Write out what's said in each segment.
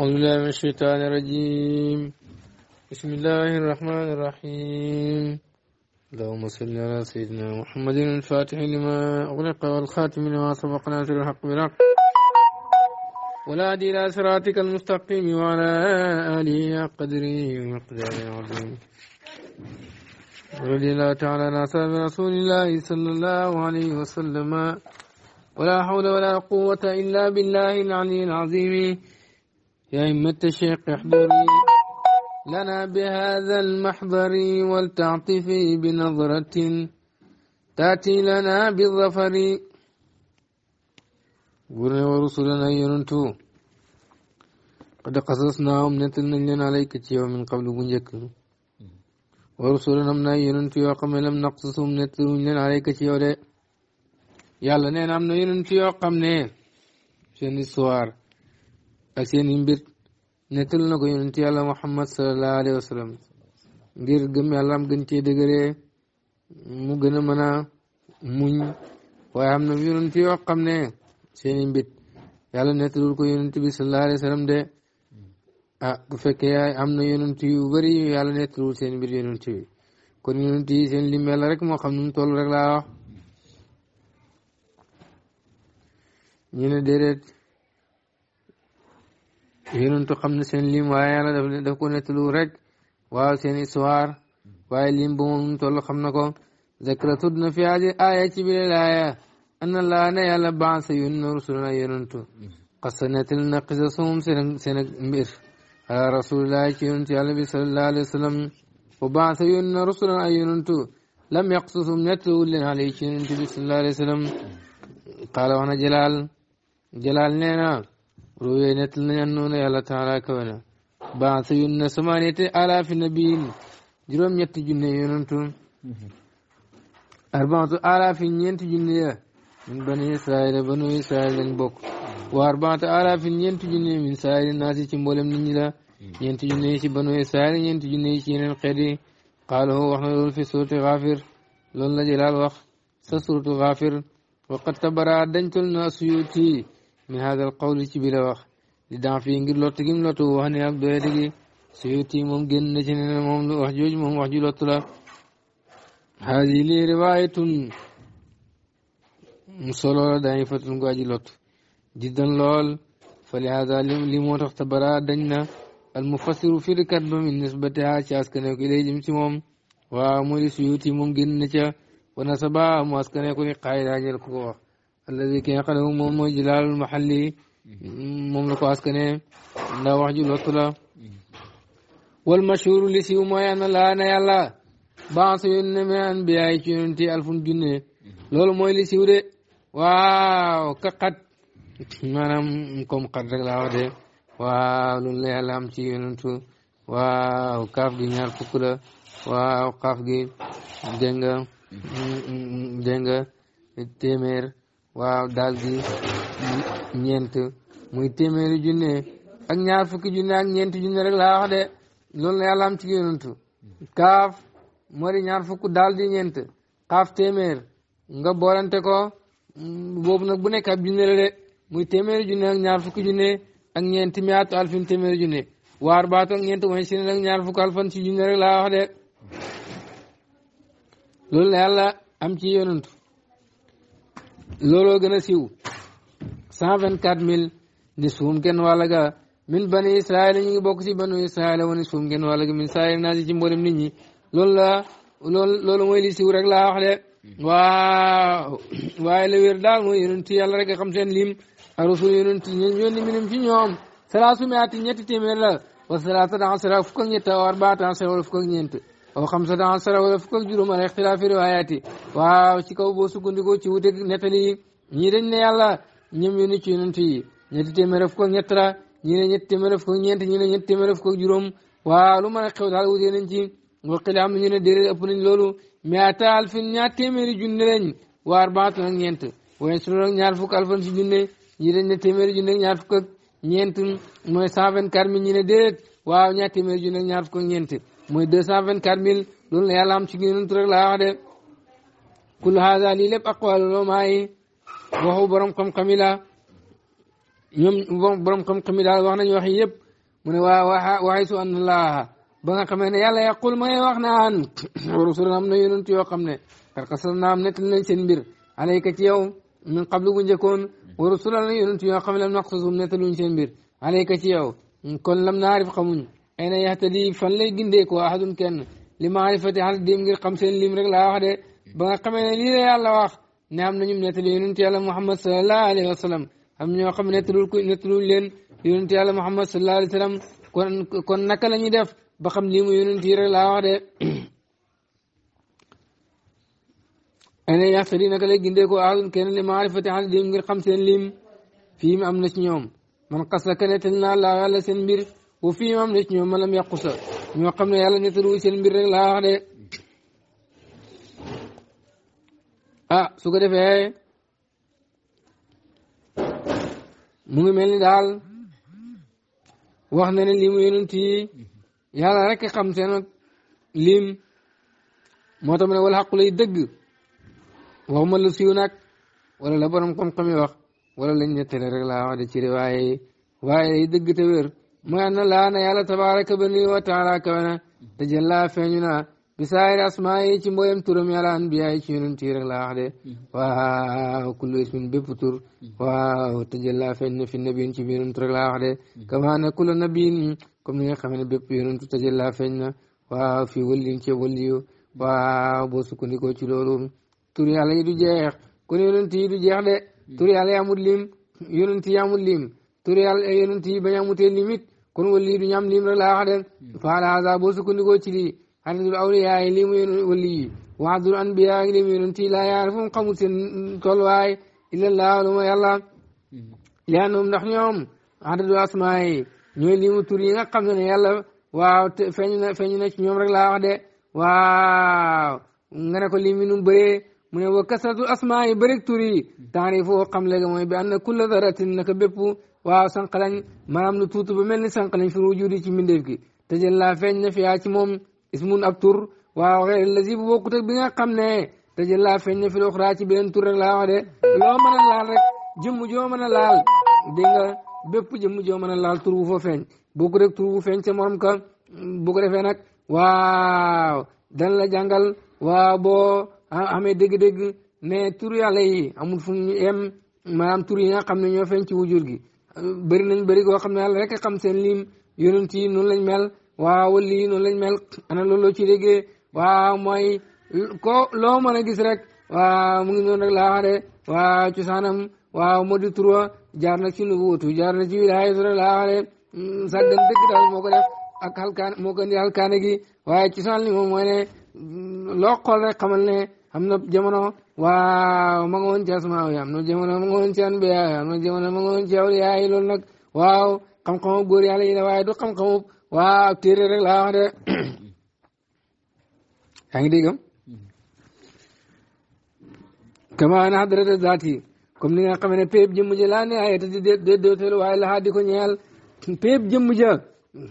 أعوذ بالله من الشيطان الرجيم بسم الله الرحمن الرحيم اللهم صل على سيدنا محمد الفاتح لما أغلق والخاتم لما سبق ناصر الحق بالحق دي إلى صراطك المستقيم وعلى آله قدري ومقداره العظيم رضي الله تعالى عن أصحاب رسول الله صلى الله عليه وسلم ولا حول ولا قوة إلا بالله العلي العظيم يا أئمة الشيخ احضري لنا بهذا المحضر ولتعطفي بنظرة تأتي لنا بالظفر ورسولنا يرنتو قد قصصناهم نتلنا لنا عليك تيوم من قبل بنجك ورسولنا منا يرنتو وقم لم نقصصهم نتلنا لنا عليك تيوم يلا نين نعم يرنتو وقم نين نعم. شن السوار ak seen i mbir nettal na ko yonent yàlla muhammad salallahu alayhi wa sallam ngir gëm yàlla am gën mu gën a muñ waaye am na yonent yoo xam ne seen i mbir yàlla nettalul ko yonent bi salallahu alayhi wa sallam de ah bu fekkee yaay am na yonent yu bëri yu yàlla nettalul seen mbir yonent bi kon yonent seen lim yàlla rek moo xam nu mu toll rek laa wax ñu ne yonentu xam ne seen lim waaye yàlla daf daf ko nettalu rek waaw seen histoire waaye lim ba moom toll xam na ko zakra na fi hadi aaya ci biir laaya anna laa ne yàlla baasa yón na rasulana yonentu na xisa sumum seen seen mbir ala rasulillah ci yonentu yàlla bi salallahu alayhi wa sallam wa baasa yón na rasulana yonentu lam yaqsusum nettalu leen alay ci yonentu qaala wax jalaal jalaal ruwee nettali nañ àndoon na yàlla taala kawe na baax yu ne samaaniyati alaafi nabiyin juróom-ñetti junne yonantu arbaatu alaafi ñeenti junne ya min bani israila banu israil lañ bokk wa arbaatu alaafi ñeenti junne min saayiri naas ci mboolem nit ñi la ñeenti junne ci banu israil ñeenti junne yi ci yeneen xeet yi qaalahu wax na loolu fi suurati xaafir loolu la jëlaal wax sa suuratu xaafir waqad tabara dañ na suyuti من هذا القول ci bi la في انجل daan fii ngir lott gim lottu wax ne ak doyati gi suyuti moom génn na ci ne هذه لي رواية مصولة ضعيفة قاجي لطف جدا لول فلهذا لم تختبرا دجنا المفسر في الكتب من نسبتها شاس كنك إلي جمسمهم وعمولي سيوتي ممكن نجا ونسبا ماسكنك قائد عجل كوه alladi ki nga xam ne moom mooy jilaalul maxalli moom la ko askane ndax wax ju lottu la wal mashhuru li siw mooy ana laa na yàlla bans yon ne me an biyaay ci yonenti alfun junne loolu mooy li siw de waaw ka xat maanaam comme xat rek laa wax de waaw loolu la yàlla am ci yonentu waaw kaaf gi ñaar fukk la waaw kaaf gi dégg nga dégg nga téeméer waaw daal di ñeent muy téeméeri junne ak ñaar fukki junne ak ñeenti junne rek laa wax de loolu la yàlla am ci yonantu kaaf moo ñaar fukk dal di ñeent kaaf téeméer nga boolante ko mm, boobu nag bu nekk ab junne la de muy téeméeri junne ak ñaar fukki junne ak ñeenti miyaatu alfin téeméeri junne waar baatu ak ñeent mooy si ak ñaar fukk alfan si junne rek laa wax de loolu la yàlla am ci yonantu looloo gën a siiw cent vingt quatre mille ni suum kenn wàll ga min bani israil ñu bokk si banu israil wa ni suum kenn wàll ga min saayir naa si ci mboolem nit ñi loolu la loolu mooy li siiw rek laa wax de waaw waaye la wér daal mooy yonent yàlla rek a xam seen lim arusul yonent ñen yónni minum ci ñoom salaasu mi ati ñetti téeméer la wa salaasa daxasara fukk ak ñett aw arbaata asara wala fukk ak aw xamsata asara wala fukk ak juróom ala ixtilaafi riwaayaat yi waaw ci kaw boo sukkandikoo ci wuteeg nettali yi ñii dañ ne yàlla ñoom yónni ci yonent yi ñetti téeméer fukk ne ñetti téeméer fukk ñeent ñii ne ñetti téeméer fukk juróom waaw lu mën a xew daal wutee nañ ci waqila am ñu ne déedéet ëpp nañ loolu miata alfin ñaar téeméeri junne lañ wa arbaatun ak ñeent waaye su ak si junne ñii dañ ne ñaar fukk ak ñeent mooy cent vingt quatre mille ñii ne déedéet waaw ñaar téeméeri junne ak ñaar fukk ñeent موي 224000 لول يالا ام سي نون ترك لا واخ كل هذا لي لب اقوال روماي وهو بروم كم كاميلا نيوم بروم كم كاميلا واخ نيو واخ ييب من وا وا ان الله با نا خمنه يالا يقول ماي واخ نان ورسولنا من يونس تيو خمنه تركسنا ام نتل نين سين بير عليك تيو من قبل بو نجيكون ورسولنا ayna yahtadi fan lay gindee ko ahadun kenn li maarifati xal dim ngir xam seen lim rek laa wax de ba nga xamee ne lii la yàlla wax ne am nañu nettali yonent yàlla muhammad salallahu alayhi wa sallam am ñoo xam nettalul ko nettalul leen yonent yàlla muhammad salallahu alayhi wa sallam kon kon naka la ñuy def ba xam lii mu yonent yi rek laa wax de ayna yahtadi naka lay gindee ko ahadun kenn li maarifati xal dim ngir xam seen lim fii am na ci ñoom man xas la ka nettal naa laa yàlla seen mbir u fii am ne ci ñoom maanaam yàqu sa ñoo xam ne yàlla nettalu seen mbir rek laa wax de ah su ko defee mu ngi mel ni daal wax na ne lii mu yonent yi yàlla rek xam lim moo tax ne wala xaqu lay dëgg waxuma lu siiw nag wala la borom xam-xam yi wax wala lañ nettale rek laa wax de ci riwaay waaye lay dëgg te wér mooy an laa na yàlla tabaaraka ba nii wa taala kawe na te jëllaa feeñu na bisaayir asmaa yi ci mboyam turam yàlla anbiyaa yi ci yi rek waaw kullu ismin bépp tur waaw te jëllaa na fi nabiin ci yonent rek laa wax de kama na kullu nabiin comme nga xamee ne bépp yonent te jëllaa waaw fii wëllin ci wëlliyu waaw boo sukkandikoo yi du jeex kon wali du ñu am lim rek laa wax de hmm. faala haza boo sukkandikoo ci lii adadul awliyaa yi lii mu yéen wali yi wa adadul anbiyaa yi lii mu yéen ci laa yaar fu mu xamul seen hmm. ndax ñoom adadul asmaa yi ñooy limu tur yi nga xam ne ne yàlla waaw feeñ na na ci ñoom rek laa wax de waaw nga ne ko lim yi nu bëree mu ne wa kasratu asmaa yi bërik tur yi hmm. taarifoo xam léegi mooy kulla daratin naka bépp waaw sànq lañ maanaam lu tuuti ba mel ni sànq lañ fi wujudi ci mbindeef gi te jël laa feeñ na fi ci moom ismun ab tur waaw xëy la si bu bokkut ak bi nga xam ne te jël laa feeñ na fi loxraa ci beneen tur rek laa wax de loo mën a laal rek jëmm joo mën a laal dégg nga bépp jëmm joo mën a bu fa feeñ bokkut ak bu feeñ ca morom ka bu ko defee nag waaw dan la jàngal waaw boo amee dégg-dégg ne tur yàlla yi amul fu mu yem maanaam tur yi nga xam ne ñoo feeñ ci wujur gi bari nañ bëri goo xam ne yàlla rek a xam seen lim yonent yi noonu lañ mel waaw lii noonu lañ mel ana loolu ci déggee waaw mooy ko loo mën a gis rek waaw mu ngi noonu rek laa wax de waaw cosaanam waaw moo di turwa jaar na ci nubuwatu jaar na ci wilaaya su rek laa wax de mm, sàggan dëgg daal moo ko ak alkaan moo ko alkaane gi waaye cosaan li moom mooy ne mm, loo xool rek xamal ne am na jamono waaw ma nga woon ci asmaaw yi am na jamono ma nga woon ci anbiyaa yi na waaw xam-xamu góor yàlla yi la waaye du xam-xamu waaw téere rek laa wax de yaa ngi dégg kama na hadrata zaat yi ni nga xam ne péeb jëmm ja laa ne ay tati déedéetal waaye laxaa di ko ñeel péeb jëmm ja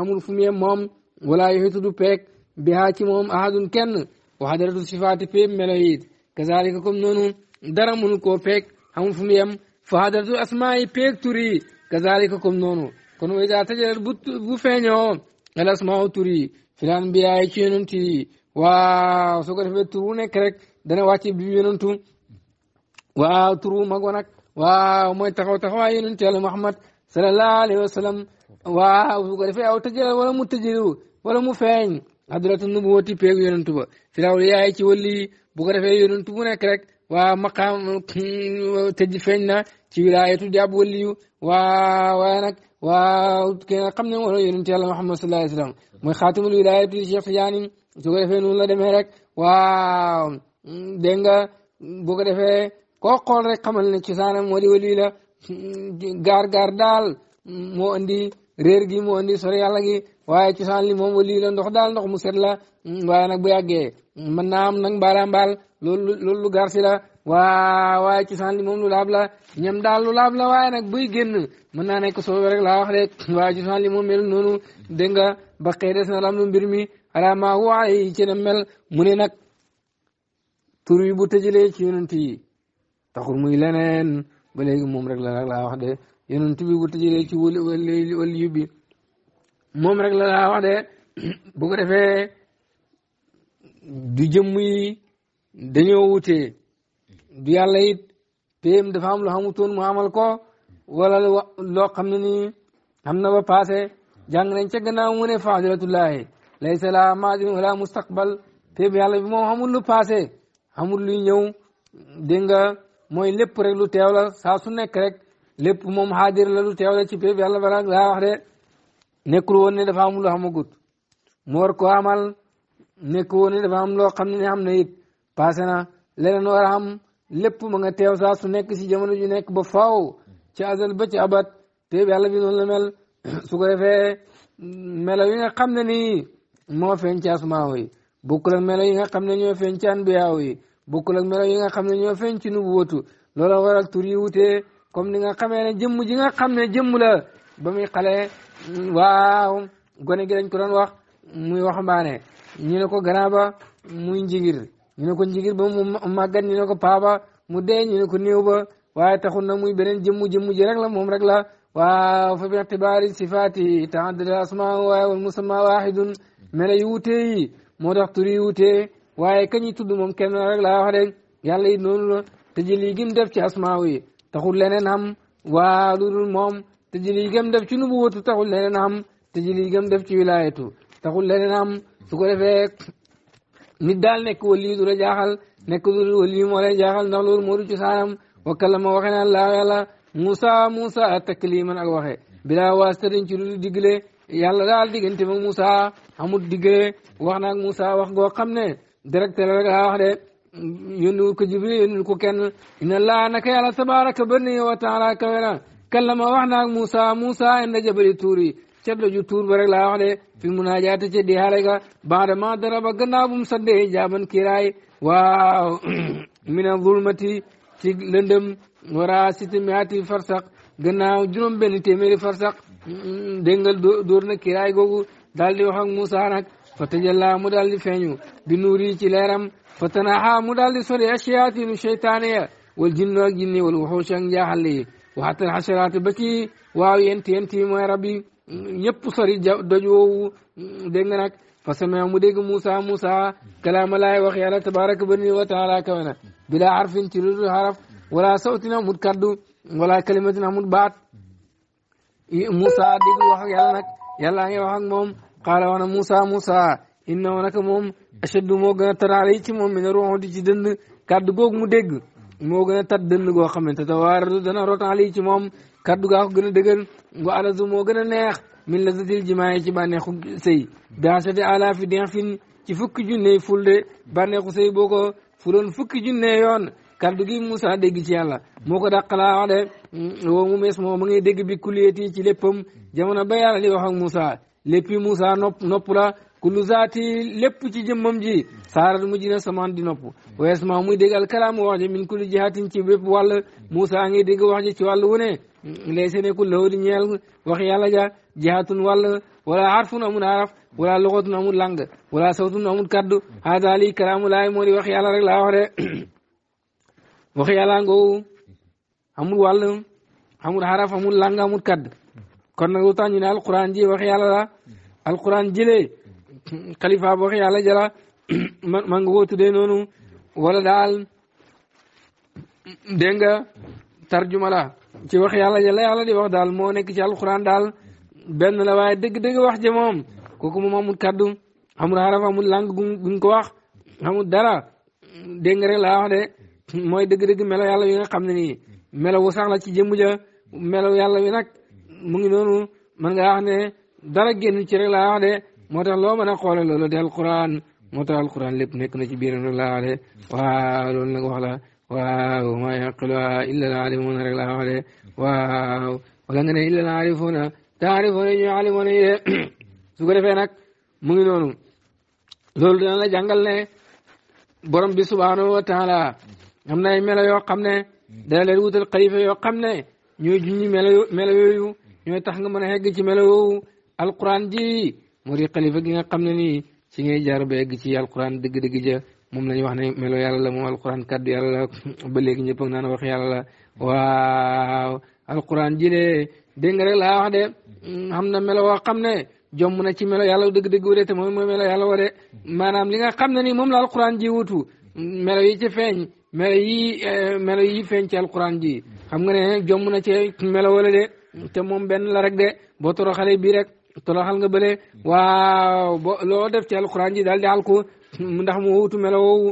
amul fu mu moom wala yoxitu du peeg bihaa ci moom ahadun kenn wa hadratu sifaati péeb melo yi kazalika comme noonu dara mun koo peeg xamul fu mu yem fa hadratul asmaa yi peeg tur yi kazalika comme noonu bu bu feeñoo al asmaa tur yi filaan biyaay ci yonent yi waaw soo ko defee tur wu nekk rek dana wàcc bi yonentu waaw tur wu mag wa waaw mooy taxaw taxawaay yonent yàlla Muhammad sallallahu alayhi wa waaw su ko defee aw tëjal wala mu tëjalu wala mu feeñ adratu nubuwati peeg yonentu ba filaw yaay ci wàlli bu ko defee yonentu bu nekk rek waa maqaam tëj feeñ na ci wilaayatu di ab waliyu waa waaye nag waa ki ne wala yonentu yàlla Muhammad sallallahu alayhi wa sallam mooy xaatimul wilaayatu ko defee noonu la demee rek waaw dégg nga bu ko defee koo xool rek xamal ne cosaanam moo di wali la gaar gaar daal moo andi réer gi moo andi sori yàlla gi waaye cosaan li moom lii la ndox daal ndox mu set la mm, waaye nag bu yàggee mm, mën naa am nag mbaala mbaal loolu garsi la waa waaye cosaan li moom lu laab la ñam daal lu laab la waaye nag buy génn mën naa nekk soobe rek laa wax de waaye cosaan li moom noonu dégg nga ba na lam lu mbir mi ala maa waaye ci mel mu ne nag tur yi bu tëjalee ci moom rek la laa wax moom rek la laa wax de bu ko defee du jëmm yi dañoo wute du yàlla yit péem dafa am lu xamutoon mu amal ko wala loo xam ne nii na ba passé jàng nañ ca gannaaw mu ne faadilatullahi laysa la maadin wala mustaqbal péem yàlla bi moom xamul lu passé xamul lu ñëw dégg nga mooy lépp rek lu teew la saa su nekk rek lépp moom xaadir la lu teew la ci péem yàlla ba laa wax de nekkul woon ne dafa am loo mu war koo amal nekkul woon ne dafa am loo xam ne am na it passé na leneen war a am lépp ma nga teew saa su nekk si jamono ju nekk ba faw ci azal ba ci abat te yàlla bi noonu la mel su ko defee melo yi nga xam ne ni moo feeñ ci asmaaw yi bokkul ak melo yi nga xam ne ñoo feeñ ci anbiyaaw yi bokkul ak melo yi nga xam ne ñoo feeñ ci nubuwatu loolu waral tur yi wutee comme ni nga xamee ne jëmm ji nga xam ne jëmm la ba muy xale waaw gone gi dañ ko doon wax muy waxambaane ñu ne ko grand ba muy njigir ñu ne ko njigir ba mu màggat ñu ne ko paaba mu dee ñu ko néew ba waaye taxul na muy beneen jëmmu jëmmu ji rek la moom rek la waaw fa bi ictibaari sifaati taaddad asmaa waaye wal musamma waahidun mele yu wute yi moo tax tur yi wute waaye kañ yi tudd moom kenn rek laa wax de yàlla it noonu la te jël yi gim def ci asmaa yi taxul leneen am waa lu dul moom te jëli gëm def ci nu bu ta taxul leneen am te jëli gëm def ci wilaayatu taxul leneen am su ko defee nit daal nekk wali du jaaxal nekk du wali moo lay jaaxal ndax loolu moo du ci saanam wa kallama waxe na Allah yàlla Moussa Moussa takliman ak waxe bilaa waasita dañ ci lu digle yàlla daal diggante ma Moussa amul digle wax naag musa wax goo xam ne direct la rek laa wax de yónni ko Jibril yónni ko kenn inna Allah naka yàlla tabaraka bëri na wa taala kawe na kallama wax naag Moussa Moussa inda jabali tuur yi ca doju tuur ba rek laa wax de fi munaajaati ca di xale ga baada ma dara ba gannaaw bu mu saddee jaaban kiiraay waaw mina zulmati ci lëndëm wara siti miati farsak gannaaw juróom benn téeméeri farsak mm, déngal dóor na kiiraay googu daal di wax ak Moussa nag fa tajalla mu daal di feeñu bi nuur yi ci leeram fa tanaha mu daal di sori ashiyaatinu cheytaane ya wal jinnu ak jinni wal wuxuush ak njaaxal yi waxatal xasaraat ba ci waaw yent yent yi mooy rab yi ñëpp sori ja doj woowu dégg nga nag fa samea mu dégg Moussa Moussa kalaama laay wax yàlla tabaraka bani wa taala kawe na bilaa harfin ci ludul haraf wala sawtin amut kaddu wala kalimatin amut baat Moussa dégg wax ak yàlla nag yàlla ngi wax ak moom qaala wax na Moussa Moussa innahu naka moom ashaddu moo gën a taraale ci moom mi ne ruuxu di ci dënd kaddu googu mu dégg moo gën a tat dënn goo xamante tawaaradu dana rotaan lii ci moom kaddu gaa ko gën a dëgër wa alazu moo gën a neex min la zatil jimaa ci bànneexu sëy biasati ala fi din fin ci fukki junne fulde bànneexu sëy boo ko fuloon fukki junne yoon kaddu gi Moussa dégg ci yàlla moo ko dàqalaa wax de mm, woo mu mees moo ma ngay dégg bi kuliyati ci léppam jamono ba yàlla di wax ak Moussa léppi nopp nopp la kullu zaati lépp ci jëmmam ji saarat mujj na samaan di nopp weesma muy dégg alkalaam wax ji min kulli jihaatin ci bépp wàll Moussa ngi dégg wax ji ci wàll wu ne lay se nekkul law di ñeel wax yàlla ja jihaatun wàll wala harfun amul haraf wala loxatun amul lang wala sawtun amul kaddu haada lii kalaamu laay moo di wax yàlla rek laa wax de wax yàlla ngoogu amul wàll amul haraf amul lang amul kaddu kon lu tax ñu ne alquran ji wax yàlla la alquran jëlee kalifa boo ko yàlla jëla ma nga woo tuddee noonu wala daal dégg nga tarjuma la ci wax yàlla jala yàlla di wax daal moo nekk ci alquran daal benn la waaye dëgg-dëgg wax ja moom kooku moom amul kaddu amul xaraf amul lang guñ ko wax amul dara dégg nga rek laa wax de mooy dëgg-dëgg melo yàlla yi nga xam ne nii melo wu la ci jëmm ja melo yàlla wi nag noonu mën nga wax ne dara génn ci rek laa wax de moo tax loo mën a xoolal loolu di alquran moo tax alquran lépp nekk na ci biir laa waxee waaw loolu nag wax la waaw maa yaqiluha illa al alimuna rek laa waxee waaw wala nga ne illa al arifuna te arifuna ñu alimuna yi de su ko defee nag mu ngi noonu loolu la jàngal ne borom bi subhanahu wa taala am na ay melo yoo xam ne a leen wutal xalifa yoo xam ne ñooy junñi melo melo yooyu ñooy tax nga mën a hegg ci melo yooyu alquran ji moo di xalifa gi nga xam ne nii ci ngay jaar ba egg ci alquran dëgg-dëgg ja moom lañu wax ne melo yàlla la moom alquran kàddu yàlla la ba léegi ñëpp ak naan wax yàlla la waaw alquran jilee dégg nga rek laa wax de xam na melo wo xam ne jomm na ci melo yàlla dëgg-dëgg wu de te moom melo yàlla wa maanaam li xam ne nii moom la alquran ji melo yi ci feeñ melo yi eh, melo yi feeñ ci ji xam nga ne jomm na ci melo wala de te moom benn la rek de boo toro xale bii rek toloxal nga bële waaw bo loo def ci alquran ji daal di alku ndax mu wutu melo woowu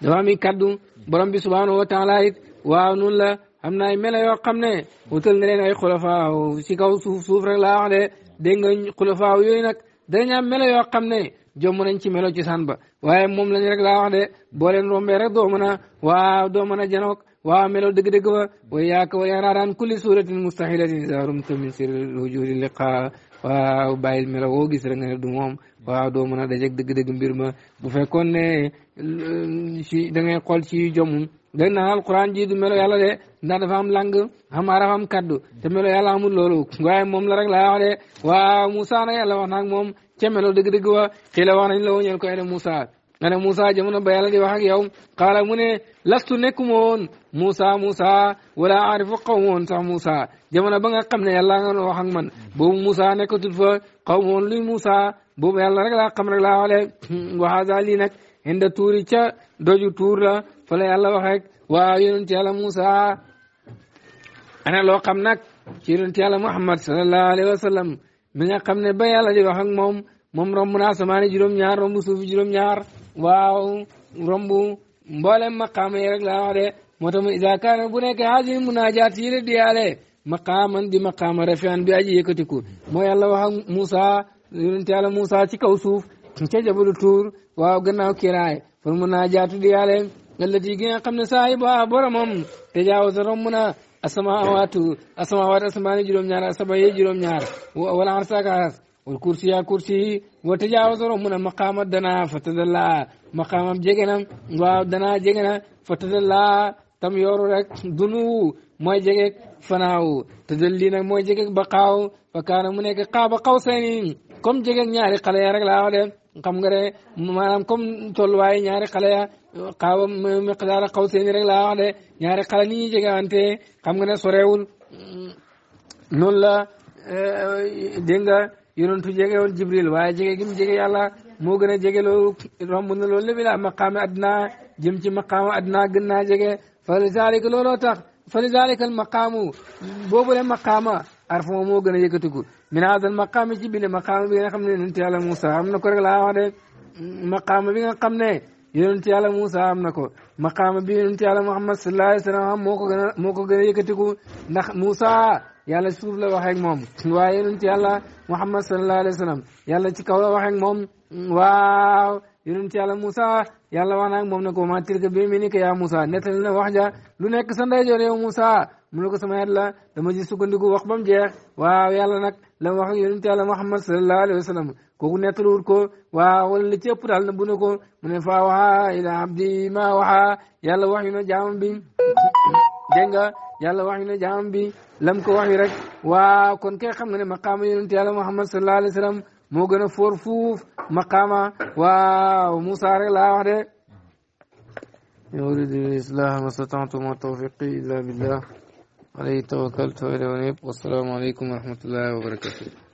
dafa am kaddu borom bi subhanahu wa taala it waaw noonu la am na ay melo yoo xam ne wutal na leen ay xulafaaw si kaw suuf suuf rek laa wax de dégg nga xulafaaw yooyu nag danañ am melo yoo xam ne jomm nañ ci melo ci saan ba waaye moom lañ rek laa wax de boo leen rombee rek doo a waaw doo mën a waaw meloo dëgg-dëgg ba wa yaaka wa yaraa daan kulli suuratin mustahilatin zarumta min sirril wujudi liqa waaw bàyyil melo woo gis rek nga ne du moom waaw doo mën a dajeeg dëgg-dëgg mbir ma bu fekkoon ne si da ngay xool ci jomum léegi nag alquran ji du melo yàlla de ndax dafa am lang am araf am kaddu te melo yàlla amul loolu waaye moom la rek laa wax de waaw Moussa nag yàlla wax naag moom ca melo dëgg-dëgg wa xii la wax nañ la woo ñeel ko ne Moussa nga ne Moussa jamono ba yàlla di wax ak yow xaala mu ne lastu nekkuma woon Moussa Moussa wala aarifu xaw sax Moussa jamono ba nga xam ne yàlla nga doon wax ak man boobu Moussa nekkatul fa xaw li woon luy Moussa boobu yàlla rek laa xam rek waxaaza lii nag inda tuuri ca doju tuur la fa la yàlla wax rek waa yonent yàlla Moussa ana loo xam nag ci yonent yàlla Muhammad sallallahu alayhi wa sallam mi nga xam ne ba yàlla di wax ak moom moom romb naa samaani juróom-ñaar romb suufi juróom-ñaar. waaw romb mboolem maqaama yi rek laa wax de moo tax mu kaana bu nekkee hasin munaajaat yi la diyaale maqaaman di maqaama rafian bi aji yëkkatiku moo yàlla wax ak Moussa yonent yàlla Moussa ci kaw suuf ca jabalu tuur waaw gannaaw kiraay pour munaajaatu diyaale allati gi nga xam ne saahiba ah, boromam tajaawaza romb na asamawaatu a asamaani juróom-ñaar a yi juróom-ñaar wala arsaaka aras wal kursi yaa kursi wa tajaawaza romb maqaama danaa fa tadallaa maqaamam jege na waaw danaa jege na fa tadallaa tam yooru rek dunu mooy jegeeg fanaaw tadalli nag mooy jegeeg baqaaw fa kaana mu nekk qaaba qawsayni comme jegeeg ñaari xale ya rek la wax de xam nga de maanaam comme tolluwaay ñaari xale ya qaaba miqdaara qawsayni rek laa wax de ñaari xale ni ñuy jegewante xam nga ne sorewul mm, noonu la eh, dégg nga yonentu jege woon jibril waaye jege gi mu jege yàlla moo gën a jege loolu romb na loolu lépp ila maqaami adnaa jëm ci maqaamu adnaa gën naa jege fa lizaalika looloo tax fa lizaalika al maqaamu boobule maqaama arfuma moo gën a yëkkatiku min haadal maqaami ci bile maqaama bi nga xam ne yonentu yàlla Moussa am na ko rek laa wax de bi nga xam ne yonentu yàlla Moussa am na ko maqaama bi yonentu yàlla Muhammad sallallahu alayhi wa sallam moo ko gën a moo ko a yàlla ci suuf la waxee moom waaye yonent yàlla Muhammad sallallahu alayhi wa sallam yàlla ci kaw la waxee ak moom waaw yonent yàlla Moussa yàlla wax na moom ne ko ma tilka bi yaminika yaa Moussa nettali na wax ja lu nekk sa ndeyjoor yow Moussa mu ne ko sama yàlla la dama ji sukkandiku wax ba mu jeex waaw yàlla nag la wax ak yonent yàlla Muhammad sallallahu alayhi wa sallam kooku nettaluwut ko waaw wala na bu ko mu ne faa waxa ila abdi ma waxa yàlla wax yu na jaam bi jenga yàlla wax ne jaam bi lam ko wax rek wa kon kay xam na ne yunus yonent yàlla Muhammad sallallahu alayhi wasallam mo gëna for fuf maqama wa musa rek la wax de in uridu illa islaha ma stata'tu ma tawfiqi illa billah alayhi tawakkaltu wa ilayhi unib alaykum wa rahmatullahi wa barakatuh